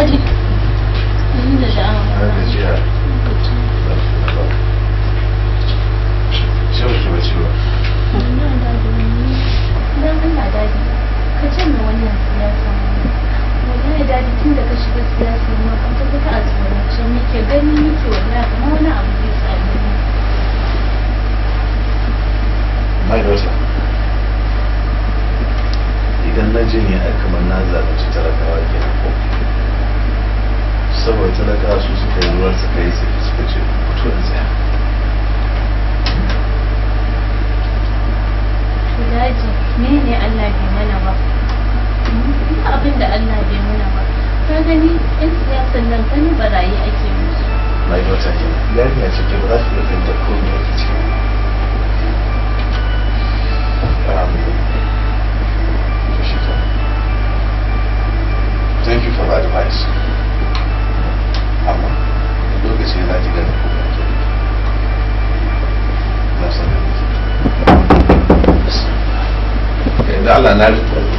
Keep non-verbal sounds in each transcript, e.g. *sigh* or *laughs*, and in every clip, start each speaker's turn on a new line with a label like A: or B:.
A: magic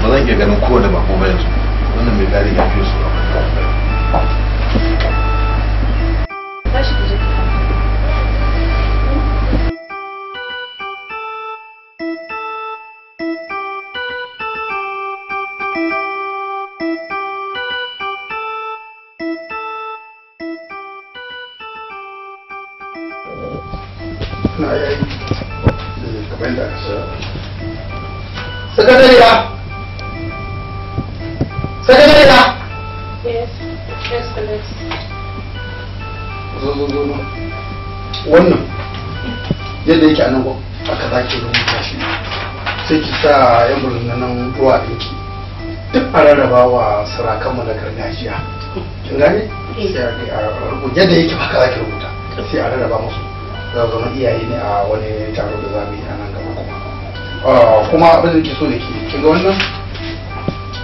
B: ba zan iya ganin kowane bako ba yanzu wannan mai gari ya fi su a kan
C: ba wa sarakanmu na ajiya kin gane eh. sai a rubuta da yake haka zaki rubuta sai a rarraba musu za zama iyaye ne a wani taro da za mu yi a nan gaba kuma ah, kuma abin da ke so da ke kin ga wannan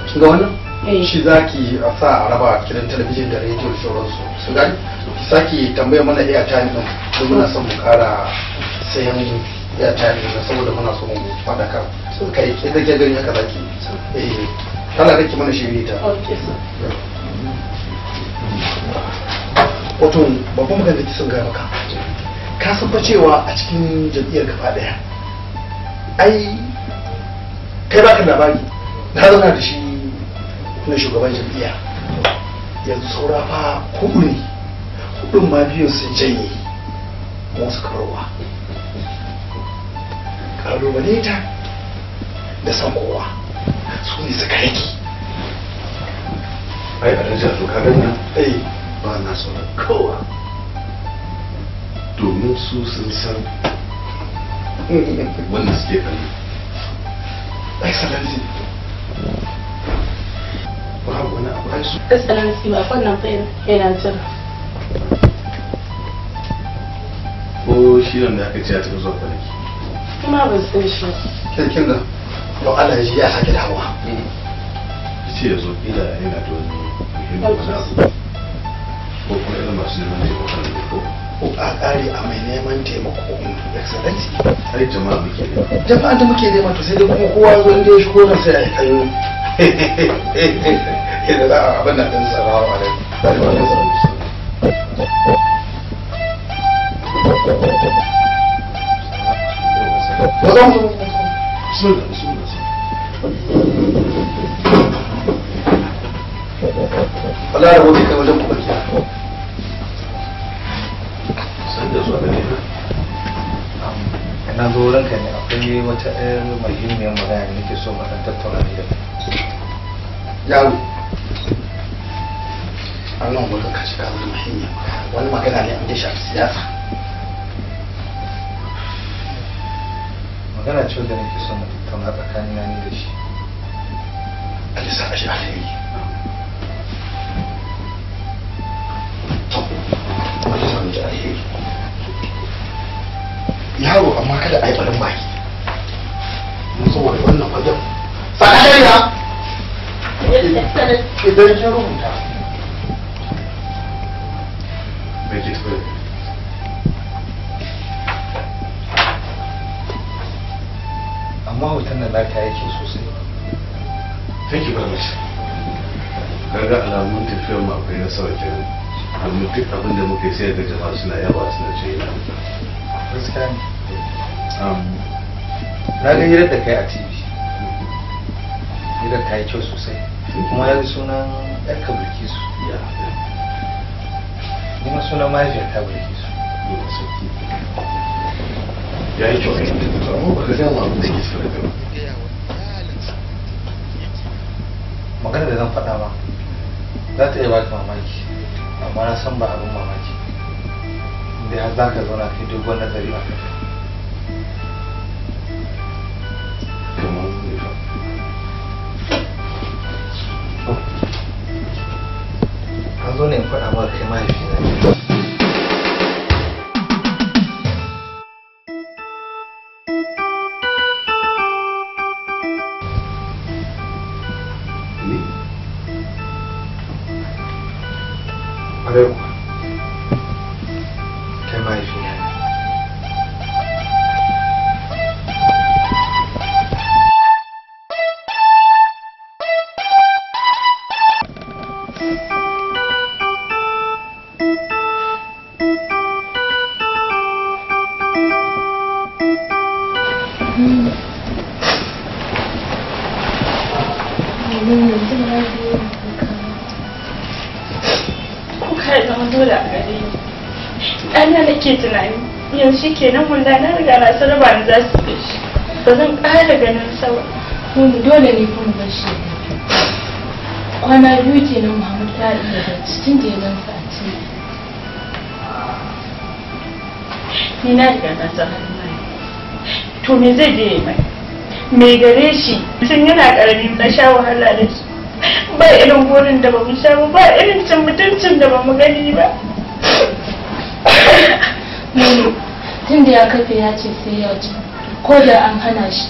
C: kin ga wannan eh. shi zaki a sa a raba kiran talabijin da rediyo da sauransu su gani ki saki tambaye mana iya tani din don muna son mu kara sayan iya tani din saboda muna son mu faɗa kan kai ke da ke gani haka zaki eh Allah kake mana shirye ta wato babban magana da sun gaya maka ka san fa cewa
B: a cikin
C: jam'iyyar gaba daya ai kai baka labari na zauna da shi na shugaban jam'iyya yanzu saura fa hudu ne hudun ma biyun sun janye musu karowa wani ta da san kowa su ne suka rage ai a rage su ka ai ba na sauran kowa
B: domin su sun san
C: wanda suke kalli excellency babu wani abu su
A: excellency ba wannan fa yana jira
C: ko shi nan da aka ce a cikin zuwa kwanaki
B: kuma ba san shi
C: kyakkyar To Allah ya ya sake dawowa ce ya zo yana da wani muhimmin wani ko kuma irin masu neman taimakon ne ko
B: ko a ƙari a mai neman taimako excellency har jama'a muke
C: ne. jama'a da muke nema to sai dai kuma kowa na sai ya yi tsayo *laughs* da za a abin da ɗin sarawa
B: wala da wani kai wajen kuma
C: san da zuwa da ne ina zo ranka ne akwai wata ɗayar mahimmiyar magana da nake so mata tattauna da yau yawo Allah mu ka kashi ka wani muhimmi wani magana ne an da shafi siyasa magana ce da nake so mu tattauna tsakanin ni da shi Allah sa shi alheri da yaro amma kada a yi barin baki mun saboda wannan fagen faɗa shari'a idan kin rubuta mai ke tafiya amma hoton nan naka ya kyau sosai
B: thank you very much ga alamun tafiyar mu na nasara kenan domin duk abin da muke sayar da jama'a suna yawa suna ce yana gaskiya
C: um, na ga hirar da kai a tv hirar ta yi kyau sosai kuma ya sunan yar ka bulki su kuma sunan mahaifiyar ta bulki su ya yi kyau magana da zan faɗa ma za ta iya ba mamaki amma na san ba abin mamaki inda har za ka zauna kai dogon nazari a kai an zo ne in faɗa maka kai
B: mahaifi na
A: masu raba za su yi shi ba zan ƙara ganin sawa kuma dole ne kuma bar shi kwana biyu kenan ta yi daga cikin da ya gansa a ni na riga na san to me zai je mai me gare shi tun yana ƙarami na sha wahala da shi ba irin wurin da ba mu sha ba irin cin mutuncin da ba mu gani ba wanda ya kafe ya ce sai ya ci ko da an hana shi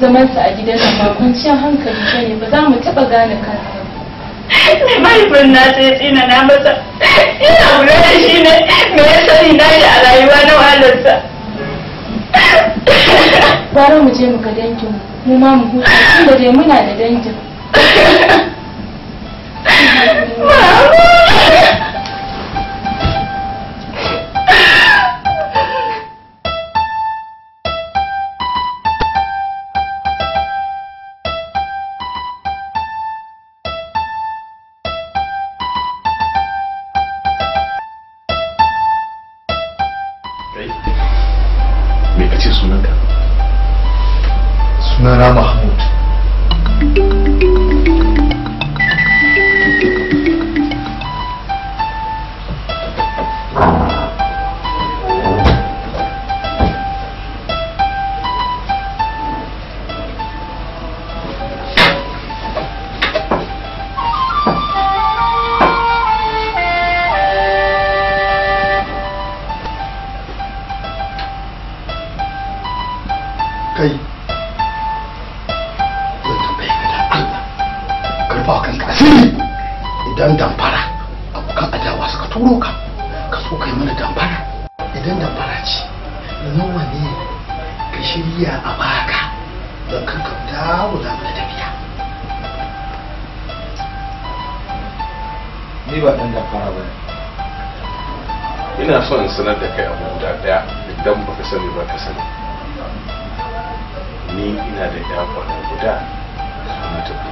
A: zamansa a gidan nan ba kwanciyar hankali ba ne ba za mu taɓa gane kansa mahaifin na sai tsina na masa ina wuri da shi ne me ya sani na shi a rayuwa na wahalarsa bara mu je mu ga dangin mu ma mu huta tun da dai muna da dangin Mama!
C: ka rufa kanka asiri idan damfara abokan adawa suka turo ka ka so kai mana damfara idan damfara ce nawa ne ka shirya a baka don kan ka dawo da mana tafiya ni ba dan damfara ba
B: ina son sanar da kai abu guda daya idan baka sani ba ka sani ni ina da ya kwana guda na tafi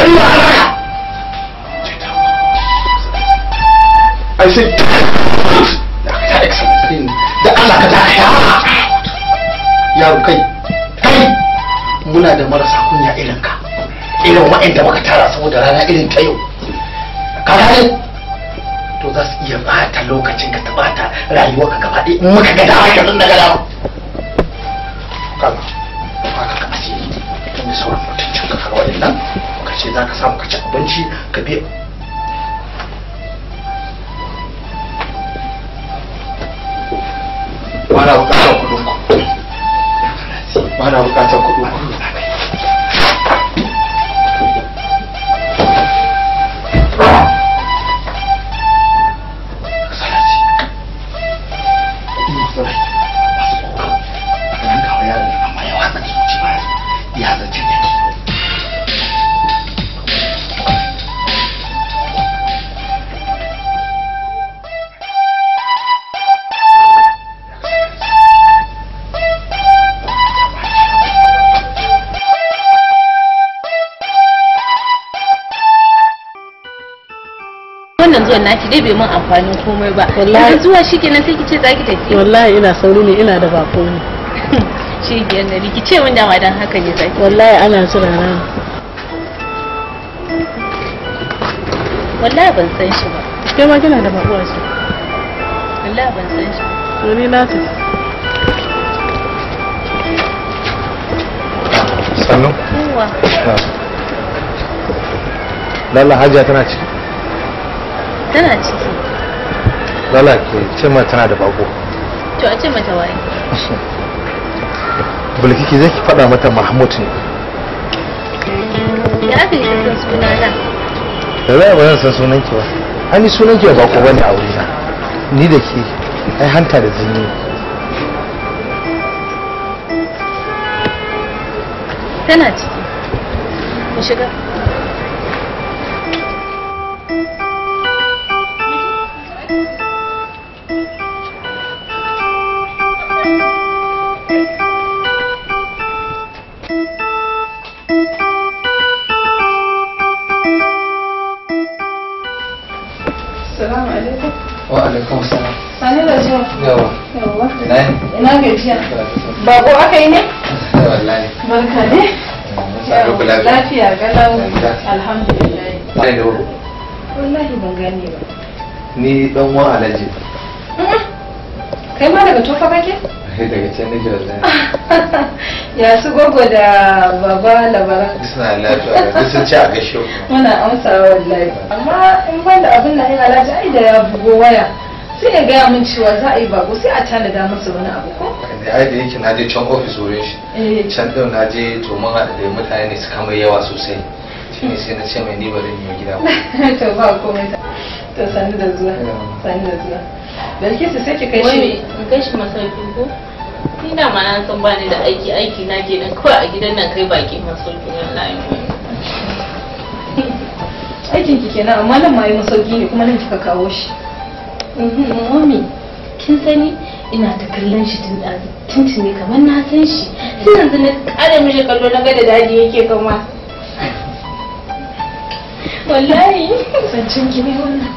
C: I said, da Allah ka dakaya yaro kai kai muna da marasa kunya irin ka
B: irin waɗanda muka
C: tara saboda rana irin ta yau ka gane to za su iya bata lokacin ka ta bata rayuwar ka gaba ɗaya
B: in muka ga dama
C: ka ba ka ka asiri da sauran mutuncin ka waɗannan ce za ka samu ka abinci ka biya ba bukatar kudin ku ba bukatar kudin ku
A: zuwan naki dai bai mun amfanin komai ba wallahi zuwa shikenan sai kice zaki tafi wallahi ina sauri ne ina da bako ne *laughs* shi biyan da ki ce mun dama dan haka ne zaki wallahi ana jira na wallahi ban san shi ba kai ma kina da bako shi wallahi ban san shi to ni
B: na tafi sannu yawa
C: lalla hajiya tana ciki tana ciki lala ke ce ma tana da bako
A: to a ce mata waye
C: bulkiki zai ki faɗa mata mahmud ne
A: ya aka yi suna sunana
C: da zai ba zan san sunan ki ba ani sunan ki ba bako bane a wurina ni da ke ai hanta da jini
A: tana ciki ki shiga yawa
B: ina gajiya bako aka yi ne eh, barka ne eh, lafiya galau alhamdulillah
C: wallahi ban gane ba ni dan wa alaji
A: kai ma daga tofa kake
C: eh, daga can nake wallahi
A: *laughs* ya su gogo da baba labara
C: suna lafiya da sun ci a gasho
A: muna amsa wallahi amma in ban da abin da ya alaji ai da ya bugo waya sai ya gaya min cewa za a yi bago sai a tanada masa wani abu ko
C: ai da yake na je can ofis wurin shi eh. can din na je to mun haɗa da mutane ne suka mai yawa sosai shine sai na ce mai ni bari ni gida
A: *laughs* to ba komai to sani da zuwa eh. sani da zuwa Bilkisu sai ki kai shi in kai shi masauki ko ni da ma na san bani da aiki aiki na ke nan kawai a gidan nan kai baki na wallahi *laughs* aikin ki kenan amma nan ma yi masauki ne kuma nan kika kawo shi mami kin sani ina ta kallon shi tun tuntuni kamar na san shi sai yanzu na kada mishi kallo na ga da daji yake kama wallahi zancen
B: ki ne wannan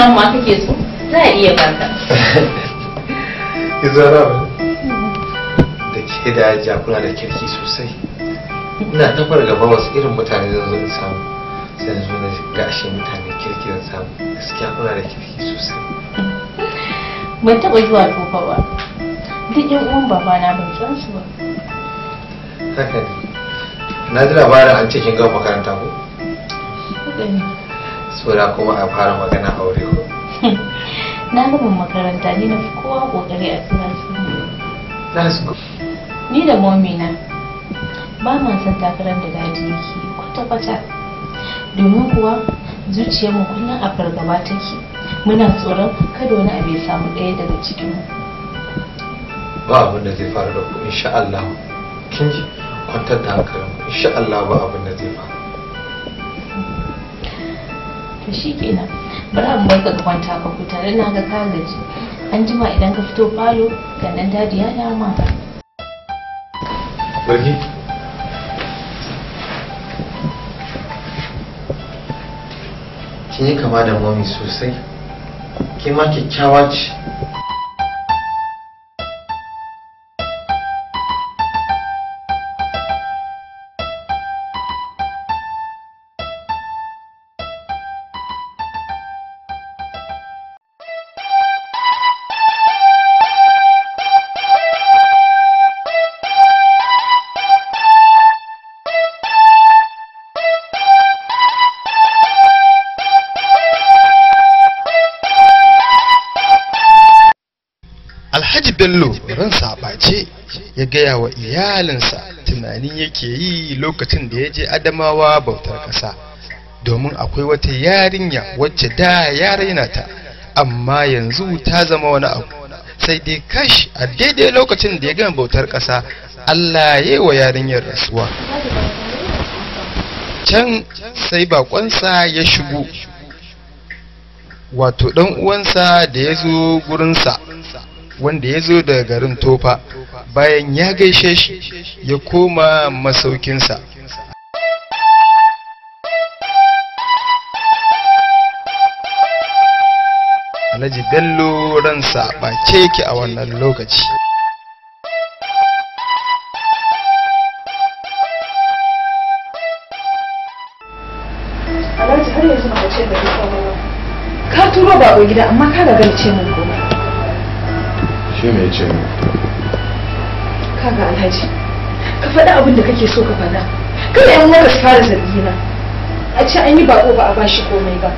A: namu ma kake so za a iya baka
C: izara da ke da jakuna da kirki sosai ina ta fargaba wasu irin mutane da zan samu sai zo na gashi ashe mutane kirki da samu gaskiya kuna da kirki sosai
A: ban taɓa zuwa tofa ba duk yan uwan babana ban san su ba
C: haka ne na ji labarin an cikin gaba makaranta da kuma a fara magana aure
A: *laughs* na gama makaranta ni na fi kowa kokari a class ni da momina ba ma san takarar da dadi yake kwata-kwata domin kuwa zuciyarmu kullum a fargaba take muna tsoron kada wani abu ya samu ɗaya daga cikin
B: ba abin
C: da zai faru da ku insha Allah kin ji kwantar da hankalinku insha Allah ba abin da zai faru
A: to shi kenan bari mu barka ka kwanta ka huta dan na ga ka anjima an jima idan ka fito falo sannan daji ya dama
C: ka Kin yi kama da mami sosai. Ke ma kyakkyawa ce. bello ransa sabace ya gaya wa iyalinsa tunanin yake yi lokacin da ya je adamawa bautar ƙasa domin akwai wata yarinya wacce da ya ta amma yanzu ta zama wani abu sai dai kash a daidai lokacin da ya gama bautar ƙasa allah ya yi wa yarinyar rasuwa can sai sa ya shigo wato ɗan uwansa da ya zo gurinsa wanda ya zo daga garin tofa bayan ya gaishe shi ya koma masaukinsa alhaji bello ransa ɓace ki a wannan lokaci
B: alhaji har yanzu ba ce da ka turo
A: ba gida amma ka ga ce mu shi ne ce kaga alhaji ka faɗi abin da kake so ka faɗa
B: kada yan wani su fara
A: zargi na a ce an yi bako ba a ba shi komai ba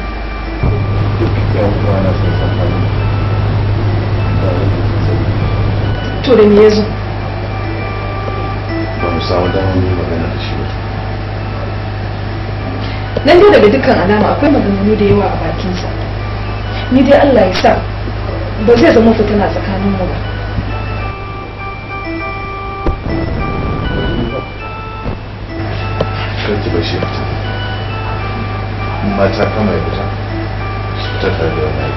A: to da me ya zo
B: ba mu samu damar yi magana da shi
A: ba nan dai daga dukkan alama akwai maganganu da yawa a bakinsa ni dai allah ya sa ba zai zama tana tsakanin mu ba
B: kanki ba shi mata kama su tare da wani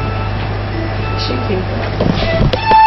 B: shi ke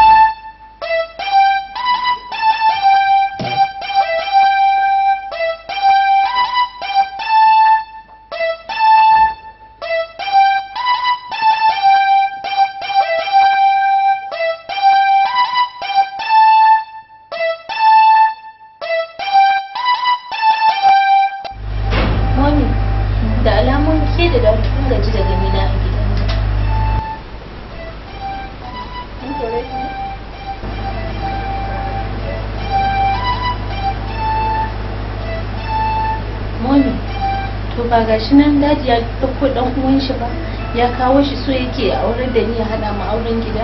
A: gashi nan daji ya dauko ɗan uwan shi ba ya kawo shi so yake a auren da ni ya haɗa ma auren gida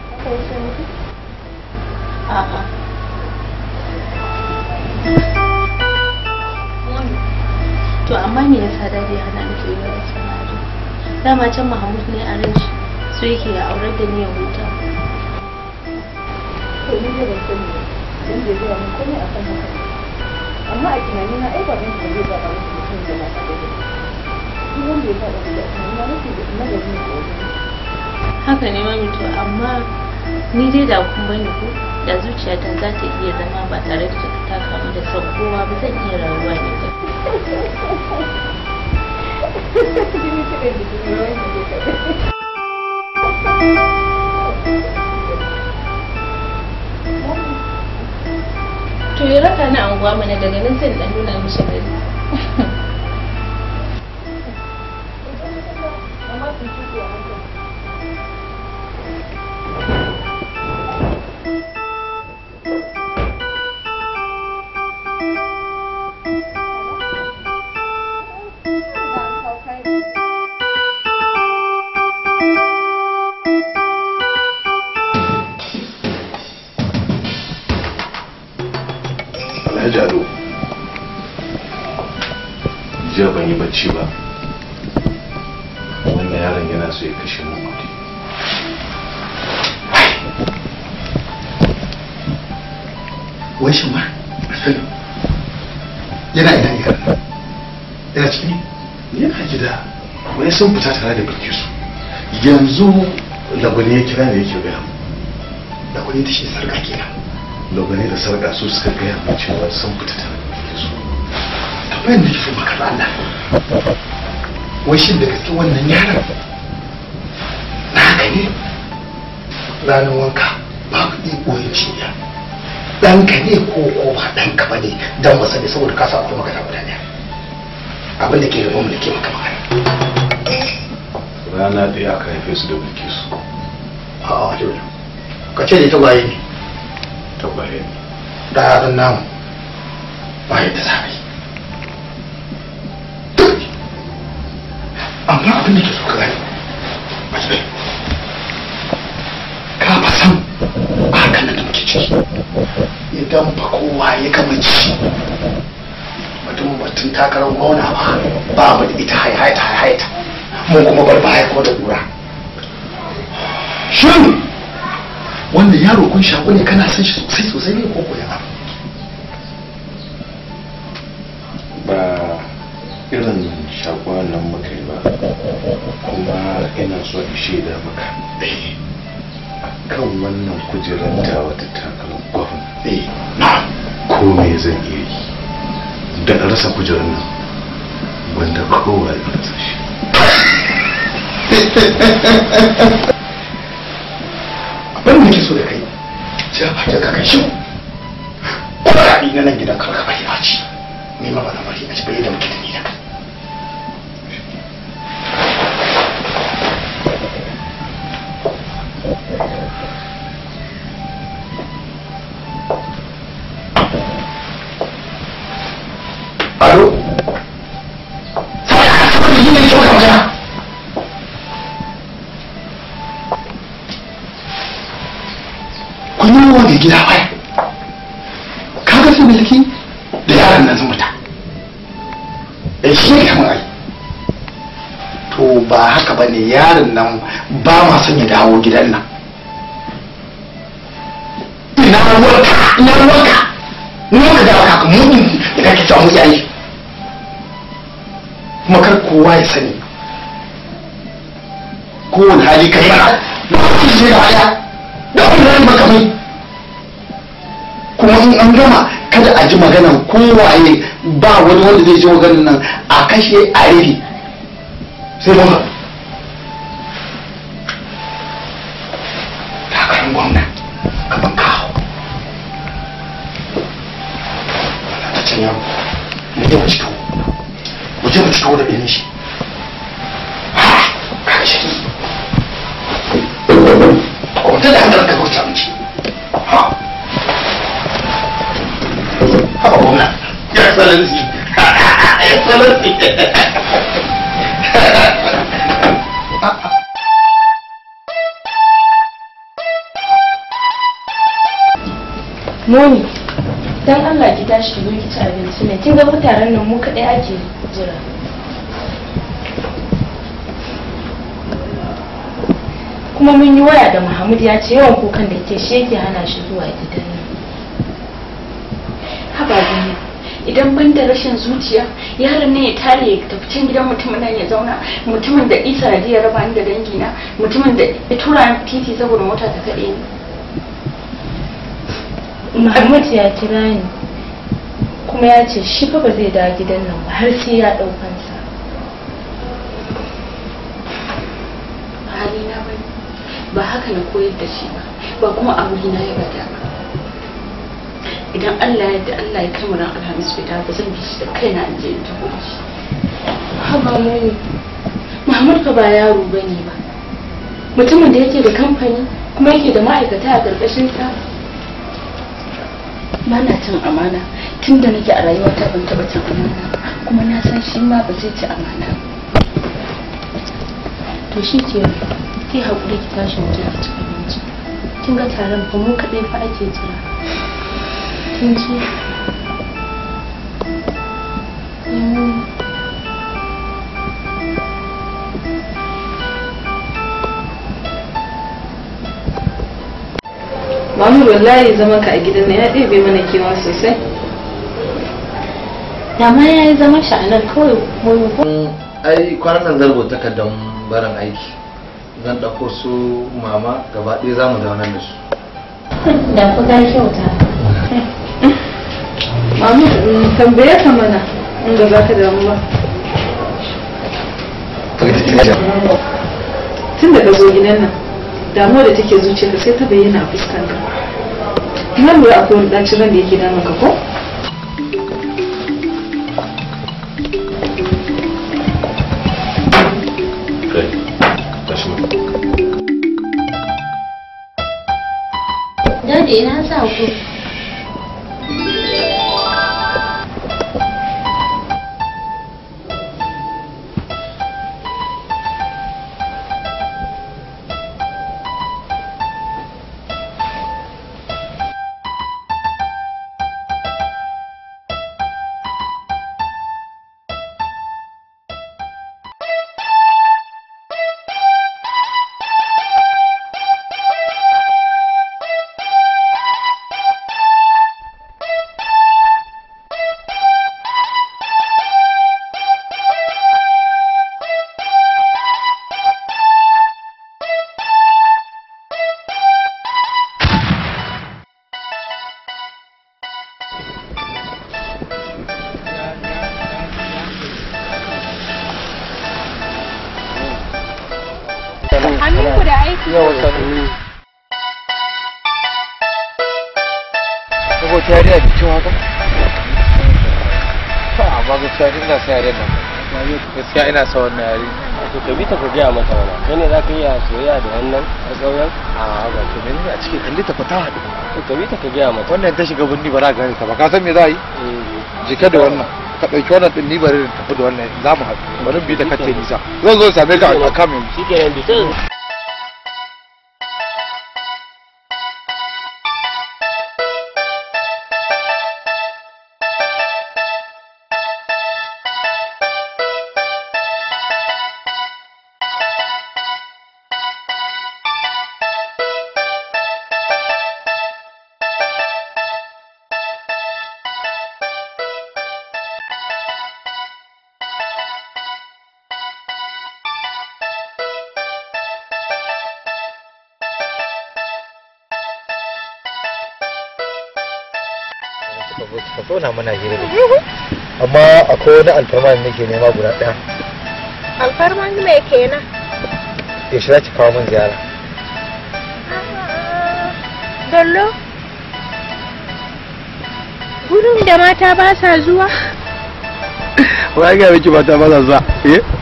A: a'a to amma me yasa daji ya hana miki yi wani samari dama can mahamud ne a ran shi so yake a auren da ni ya huta to ni da ban sani zan je zuwa mun komai akan haka amma a tunanina ai ba zan je ba ba mutum da mata da haka ne mami to amma ni dai da kun bani ko da zuciyata za ta iya zama ba tare da ta kamu da son ba zan iya rayuwa ne to ya raka na anguwa mana daga nan sai dan nuna mishi gari
B: ban yi bacci ba wanda yaron yana so ya kashe mu kudi
C: wai shi ma yana ina karfa yana ciki yana gida wani sun fita tare da su yanzu lagwani ya kira ne yake gaya lagwani ta shi sarka kenan lagwani da sarka su suka gaya mu cewa sun fita tare da bilkisu bayan da ke so makar Allah wai shin da kake wannan yaran na haka ne ranar wanka ba ku ɗin ɓoyin ciya ɗanka ne ko ko ba ɗanka ba ne don masa ne saboda kasa akwai magana guda ɗaya abin da ke da mu da ke maka magana rana ɗaya aka haife su da mulki su a'a dole ka ce da ta gwaye ne ta gwaye ne da yaran namu ba yadda za a yi
B: amma abin da ke so ka gani matsayi ka ba san a haka nan da muke ciki
C: idan ba kowa ya gama ci mutum batun takarar mauna ba ba mu da ita haihaita haihaita mun kuma bar baya ko da kura shin wannan yaro kun shaku ne kana san shi sosai sosai ne ko koya
B: ba irin shakuwa nan muka yi kuma ina so in shaida maka eh, kan wannan kujerar ta wata takarar gwamna eh, ko me zan iya yi da rasa kujerar nan
C: wanda kowa ya rasa shi abin da ke so da kai ja a daga kai shi kuɗaɗi na nan gidan karka bai a ci ni ma ba na a ci bai da muke da ni da
B: ku yi wa mai gida waya
C: kaga su milki da yaran nan sun fita da eh, shi ne kamar ai to ba haka ba ne yaron nan ba ma son ya dawo gidan nan
B: ina ruwanka ina ruwanka
C: ina ka da dawo kaka mutum ina ki samu yayi kuma kar kowa ya sani kowane hali kai ba
B: ba ki shi da haya da makamai kuma in
C: an gama kada a ji maganan kowaye ba wani wanda zai ji maganan nan a kashe a rufe sai ba
A: Moni, don Allah ki tashi ki zo ci abinci ne. Kin ga mutanen nan mu kaɗai ake jira. Kuma mun yi waya da Muhammad ya ce yawan kukan da ke shi yake hana shi zuwa gidan nan. Haba idan ban da rashin zuciya yaron ne ya tare ya tafi can gidan mutumin nan ya zauna mutumin da isa da ya raba ni da dangina mutumin da ya tura ni titi saboda mota ta kaɗe ni Muhammad ya kira ni kuma ya ce shi fa ba zai dawo gidan nan ba har sai ya ɗau kansa ba halina ba ba haka na koyar da shi ba ba kuma a na ya bada ba idan Allah ya da Allah ya kama ran alhamis fita ba zan bishi da kaina in je in tafi da shi haba muni Muhammad ka ba yaro bane ba mutumin da yake da kamfani kuma yake da ma'aikata a karkashin sa ba na cin amana tun da nake a rayuwata ban taɓa cin amana kuma na san shi ma ba zai ci amana to shi ke kai haƙuri ki tashi mu a cikin abinci kin ga taron ba mu kaɗai fa ake jira
B: 进去，因为
A: Mahmud wallahi zaman ka a gidan na ya ɗebe mana kewa sosai. Da ma ya yi zaman shi a nan kawai koyo ko. Mm,
C: ai kwanan nan zargo don barin aiki. Zan ɗauko su mama gaba ɗaya za mu zaunar da su.
A: *laughs* Da ku ga kyauta. mamu tambaye ka mana inda za ka damu ba tun daga zo gidan nan damuwa da take zuciyarka sai ta bayyana a fuskanta na lura akwai wani ɗaci ran da yake damun ka ko Dade ina sa ku.
C: ina sa wannan yare to ka bi ta ku gaya mata wannan kai ne za ka iya soyayya da wannan a ƙauyen a ba to ne a cikin kalli ta fata haɗu to ka bi ta ka gaya mata wannan ta shiga bindi ba za ka gane ta ba ka san me za a yi eh, jika da wannan ka ɗauki wannan ɗin ni bari tafi da wannan za mu haɗu bari bi ta kace nisa zan zo same ka a kamin shi kenan bi zauna mana hira da amma akwai wani alfarma da nake nema guda ɗaya
A: alfarma me kenan
C: ya shi zaki kawo min ziyara
A: dallo ah, gurin da mata ba sa zuwa
C: wai ga miki mata ba sa zuwa eh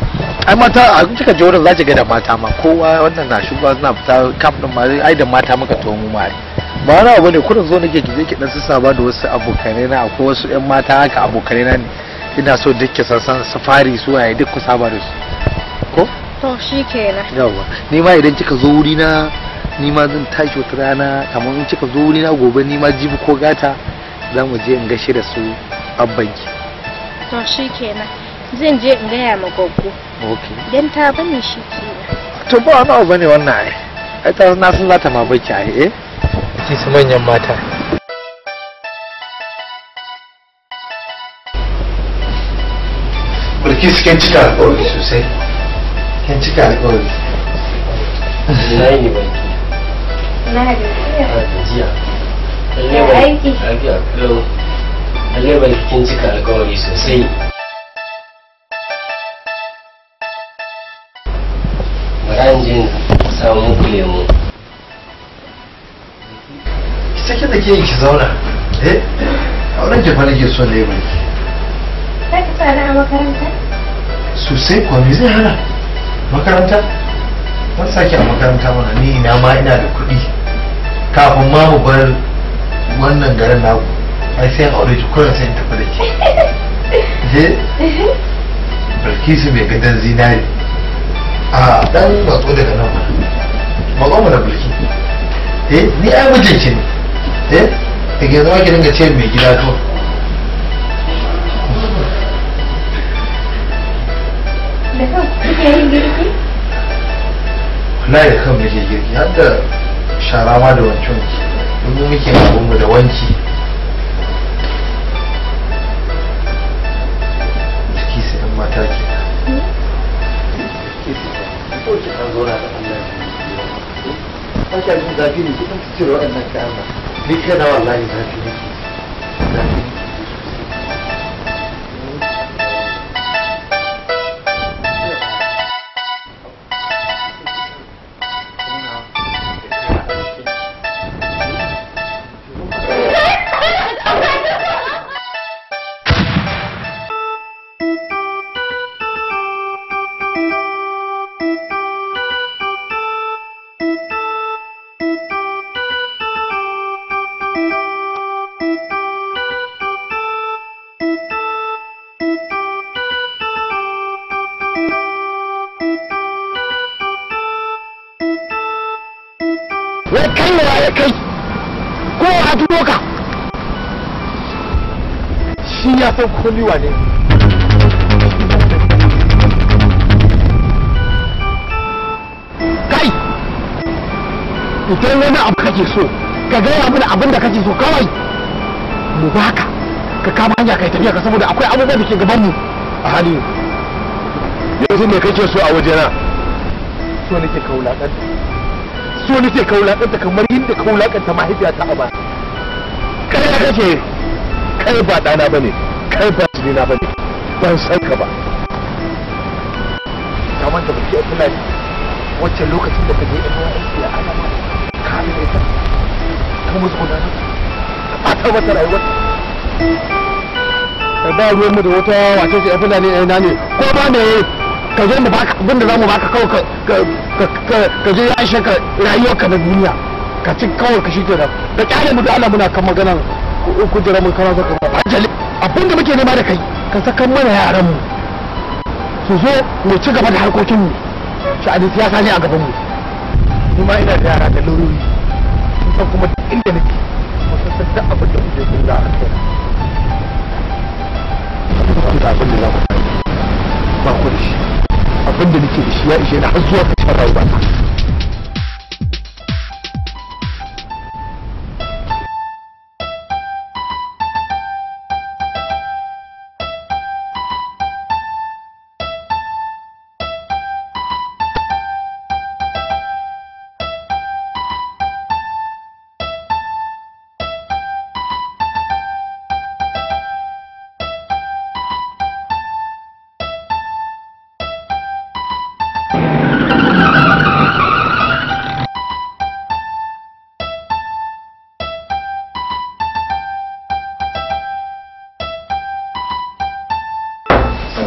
C: ai mata a kika je wurin zaki ga da mata ma kowa wannan na shugaba suna fita kam din ma ai da mata muka to mu mare ba wani abu ne kurin zo nake ki je ki dan ba da wasu abokanai na akwai wasu yan mata haka abokanai na ina so duk ki san safari su waye duk ku saba da su
B: ko to shikenan
C: yawa ni ma idan kika zo wuri na ni ma zan tashi wata rana kamar in kika zo wuri na gobe ni ma jibi ko gata za mu je in gashi da su ki
A: to shikenan zan je in gaya ma gwaggo don ta bani shi ke
C: to ba nawa ba bane wannan ai ai ta na san za ta ma baki ai eh ki su manyan mata Bilkisu kin cika alƙawari sosai kin cika alƙawari ina yi baki
A: na
B: gajiya lalle baki lalle baki kin cika alƙawari sosai bari samu muku lemu ita ke da ke ki zauna eh
C: a wurin jafa nake son lemu
B: za ki sa a makaranta
C: sosai kuwa me zai hana makaranta ban sake a makaranta mana ni ina ma ina da kuɗi kafin ma mu bar wannan garin nagu ai sai in aure tukunan sai in tafi da ke *laughs* je bilkisu mai gadon zinari a dan bako daga nan makonmu na bulki eh ni ai mijinki ne eh ta ke zama ki dinga ce mai gida to
B: da kan kuke yin girki?
C: wallahi da kan muke girki har da shara ma da wancan domin muke abinmu da wanki ciki sai mataki ko ki zo na da Allah ya ba ka ji zafi ne ki kan cire waɗannan kayan ba ni kai na wallahi zafi ne na san kusan ni wane kai idan wani abu kake so ka gaya mana abin da kake so kawai mu baka ka kama hanya kai tafiya ka saboda akwai abu da ke gaban mu a hali yanzu me kake so a wajena so nake ka wulaƙanta so nake ka wulaƙanta kamar yadda ka wulaƙanta mahaifiyata a ba kai kake kai ba ɗana bane kai ba su na ba ne ban san ka ba kamar da kuke kuna wancan lokacin da ka je ina aiki a alama ka ne ta ka musu gudana a ta wata rayuwar ba ruwanmu da wata wata ce fulani ne ina ne ko ba ne ka zo mu baka abin da zamu baka kawai ka je ya shaka rayuwarka na duniya ka ci kawai ka shi kenan da kyale mu da Allah muna kan maganar kujerar mun kana zaka ba ajali abin da muke nema da kai ka sakan mana yaran mu su zo mu ci gaba da harkokin mu sha'anin siyasa ne a gaban mu ni ma ina da yara da lururi san kuma inda nake wasu san abin da kuke kun da kai abin da za ku ba ku da shi abin da nake da shi ya ishe na har zuwa ba rayuwa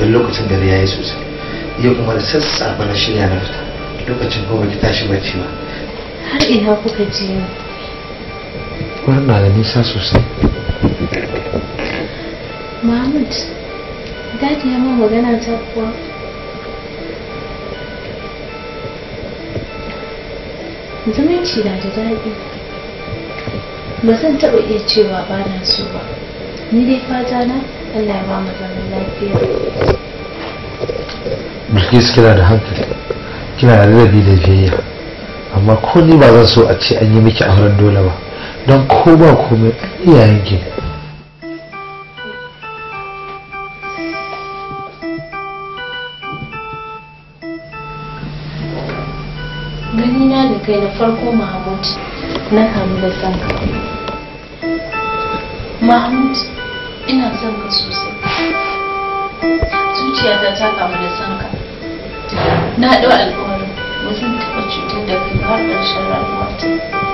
C: Da lokacin dare ya yi sosai yau kuma da sassafe na shirya na fita lokacin kuma ki tashi bacci ba
A: har ina kuka ji
B: Kuma wannan da nisa sosai
A: Mahmud, dadi ya mun magana ta kuwa zumunci na da daɗi ba zan taɓa iya cewa ba na so ba ni dai fata na Allah ya ba mu zaman lafiya
C: bilkis kina da hankali kina da ladabi da biyayya amma ko ni ba zan so a ce an yi miki auren dole ba don ko ba komai iyayen ki
A: ganina da kai da farko mahmud na kamu da sanka mahmud ina son ka sosai zuciyata ta kamu da son ka na ɗau alƙawarin mutum taɓa cutar da kai har ƙarshen ta.